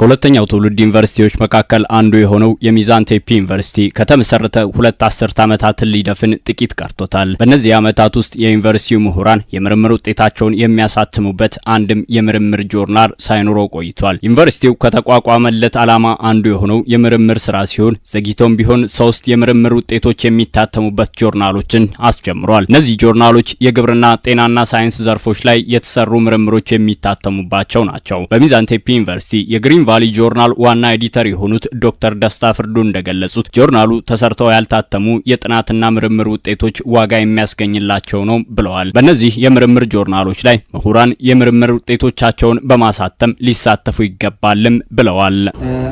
ከሁለተኛው ትውልድ ዩኒቨርሲቲዎች መካከል አንዱ የሆነው የሚዛን ቴፒ ዩኒቨርሲቲ ከተመሰረተ ሁለት አስርት ዓመታትን ሊደፍን ጥቂት ቀርቶታል። በእነዚህ ዓመታት ውስጥ የዩኒቨርሲቲው ምሁራን የምርምር ውጤታቸውን የሚያሳትሙበት አንድም የምርምር ጆርናል ሳይኖረው ቆይቷል። ዩኒቨርሲቲው ከተቋቋመለት ዓላማ አንዱ የሆነው የምርምር ስራ ሲሆን ዘግይቶም ቢሆን ሶስት የምርምር ውጤቶች የሚታተሙበት ጆርናሎችን አስጀምሯል። እነዚህ ጆርናሎች የግብርና፣ ጤናና ሳይንስ ዘርፎች ላይ የተሰሩ ምርምሮች የሚታተሙባቸው ናቸው። በሚዛን ቴፒ ዩኒቨርሲቲ የግሪን የግሪን ቫሊ ጆርናል ዋና ኤዲተር የሆኑት ዶክተር ደስታ ፍርዱ እንደገለጹት ጆርናሉ ተሰርተው ያልታተሙ የጥናትና ምርምር ውጤቶች ዋጋ የሚያስገኝላቸው ነው ብለዋል። በእነዚህ የምርምር ጆርናሎች ላይ ምሁራን የምርምር ውጤቶቻቸውን በማሳተም ሊሳተፉ ይገባልም ብለዋል።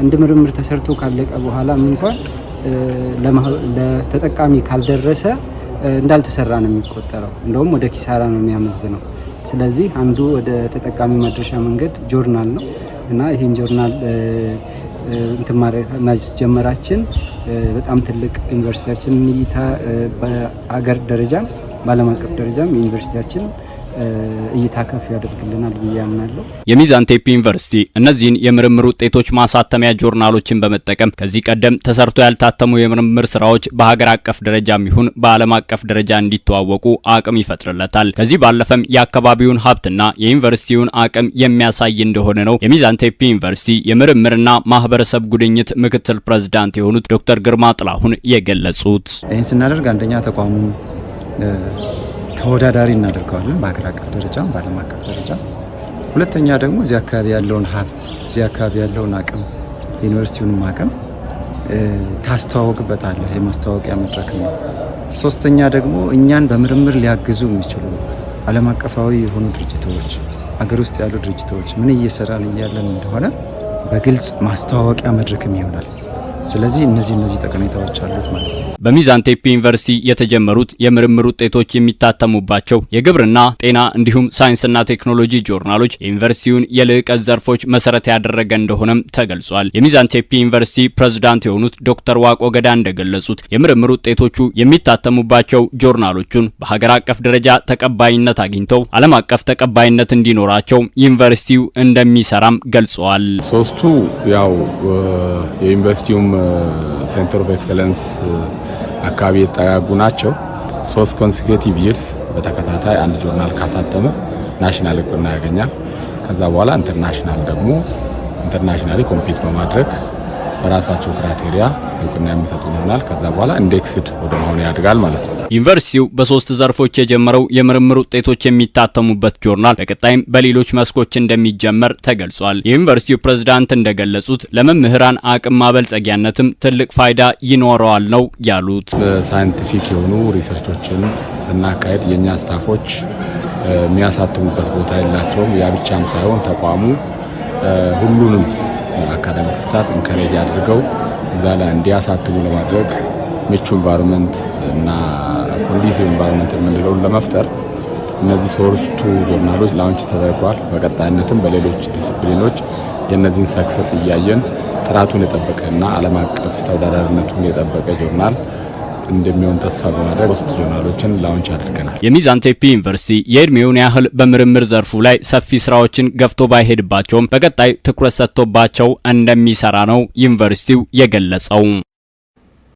አንድ ምርምር ተሰርቶ ካለቀ በኋላም እንኳን ለተጠቃሚ ካልደረሰ እንዳልተሰራ ነው የሚቆጠረው። እንደውም ወደ ኪሳራ ነው ነው። ስለዚህ አንዱ ወደ ተጠቃሚ ማድረሻ መንገድ ጆርናል ነው። እና ይህን ጆርናል እንትን ማስጀመራችን በጣም ትልቅ ዩኒቨርሲቲያችን እይታ በአገር ደረጃም በዓለም አቀፍ ደረጃም ዩኒቨርሲቲያችን እይታ ከፍ ያደርግልናል ብዬ አምናለሁ። የሚዛን ዩኒቨርሲቲ እነዚህን የምርምር ውጤቶች ማሳተሚያ ጆርናሎችን በመጠቀም ከዚህ ቀደም ተሰርቶ ያልታተሙ የምርምር ስራዎች በሀገር አቀፍ ደረጃም ይሁን በዓለም አቀፍ ደረጃ እንዲተዋወቁ አቅም ይፈጥርለታል። ከዚህ ባለፈም የአካባቢውን ሀብትና የዩኒቨርሲቲውን አቅም የሚያሳይ እንደሆነ ነው የሚዛን ቴፒ ዩኒቨርሲቲ የምርምርና ማህበረሰብ ጉድኝት ምክትል ፕሬዝዳንት የሆኑት ዶክተር ግርማ ጥላሁን የገለጹት። ይህን ስናደርግ አንደኛ ተቋሙ ተወዳዳሪ እናደርገዋለን በሀገር አቀፍ ደረጃ በዓለም አቀፍ ደረጃ። ሁለተኛ ደግሞ እዚህ አካባቢ ያለውን ሀብት እዚህ አካባቢ ያለውን አቅም ዩኒቨርሲቲውንም አቅም ታስተዋወቅበታለህ። የማስተዋወቂያ መድረክ ነው። ሶስተኛ ደግሞ እኛን በምርምር ሊያግዙ የሚችሉ ዓለም አቀፋዊ የሆኑ ድርጅቶች፣ አገር ውስጥ ያሉ ድርጅቶች ምን እየሰራን እያለን እንደሆነ በግልጽ ማስተዋወቂያ መድረክም ይሆናል። ስለዚህ እነዚህ እነዚህ ጠቀሜታዎች አሉት ማለት ነው። በሚዛን ቴፒ ዩኒቨርሲቲ የተጀመሩት የምርምር ውጤቶች የሚታተሙባቸው የግብርና፣ ጤና እንዲሁም ሳይንስና ቴክኖሎጂ ጆርናሎች የዩኒቨርሲቲውን የልዕቀት ዘርፎች መሰረት ያደረገ እንደሆነም ተገልጿል። የሚዛን ቴፒ ዩኒቨርሲቲ ፕሬዝዳንት የሆኑት ዶክተር ዋቆ ገዳ እንደገለጹት የምርምር ውጤቶቹ የሚታተሙባቸው ጆርናሎቹን በሀገር አቀፍ ደረጃ ተቀባይነት አግኝተው ዓለም አቀፍ ተቀባይነት እንዲኖራቸው ዩኒቨርሲቲው እንደሚሰራም ገልጸዋል። ሶስቱ ያው የዩኒቨርሲቲውም ሴንተር ኦፍ ኤክሰለንስ አካባቢ የተጠጋጉ ናቸው። ሶስት ኮንሴኪቲቭ ይርስ በተከታታይ አንድ ጆርናል ካሳተመ ናሽናል እውቅና ያገኛል። ከዛ በኋላ ኢንተርናሽናል ደግሞ ኢንተርናሽናሊ ኮምፒት በማድረግ በራሳቸው ክራቴሪያ እውቅና የሚሰጡ ይሆናል። ከዛ በኋላ ኢንዴክስድ ወደ መሆኑ ያድጋል ማለት ነው። ዩኒቨርሲቲው በሶስት ዘርፎች የጀመረው የምርምር ውጤቶች የሚታተሙበት ጆርናል በቀጣይም በሌሎች መስኮች እንደሚጀመር ተገልጿል። የዩኒቨርሲቲው ፕሬዝዳንት እንደገለጹት ለመምህራን አቅም ማበልጸጊያነትም ትልቅ ፋይዳ ይኖረዋል ነው ያሉት። በሳይንቲፊክ የሆኑ ሪሰርቾችን ስናካሄድ የእኛ ስታፎች የሚያሳትሙበት ቦታ የላቸውም። ያ ብቻም ሳይሆን ተቋሙ ሁሉንም አካዳሚ ስታፍ እንከረጅ አድርገው እዛ ላይ እንዲያሳትሙ ለማድረግ ምቹ ኢንቫይሮንመንት እና ኮንዲሲቭ ኢንቫይሮንመንት የምንለውን ለመፍጠር እነዚህ ሶስቱ ጆርናሎች ላውንች ተደርገዋል። በቀጣይነትም በሌሎች ዲስፕሊኖች የእነዚህን ሰክሰስ እያየን ጥራቱን የጠበቀ እና ዓለም አቀፍ ተወዳዳሪነቱን የጠበቀ ጆርናል እንደሚሆን ተስፋ በማድረግ ሶስት ጆርናሎችን ላውንች አድርገናል። የሚዛን ቴፒ ዩኒቨርሲቲ የእድሜውን ያህል በምርምር ዘርፉ ላይ ሰፊ ስራዎችን ገፍቶ ባይሄድባቸውም በቀጣይ ትኩረት ሰጥቶባቸው እንደሚሰራ ነው ዩኒቨርሲቲው የገለጸው።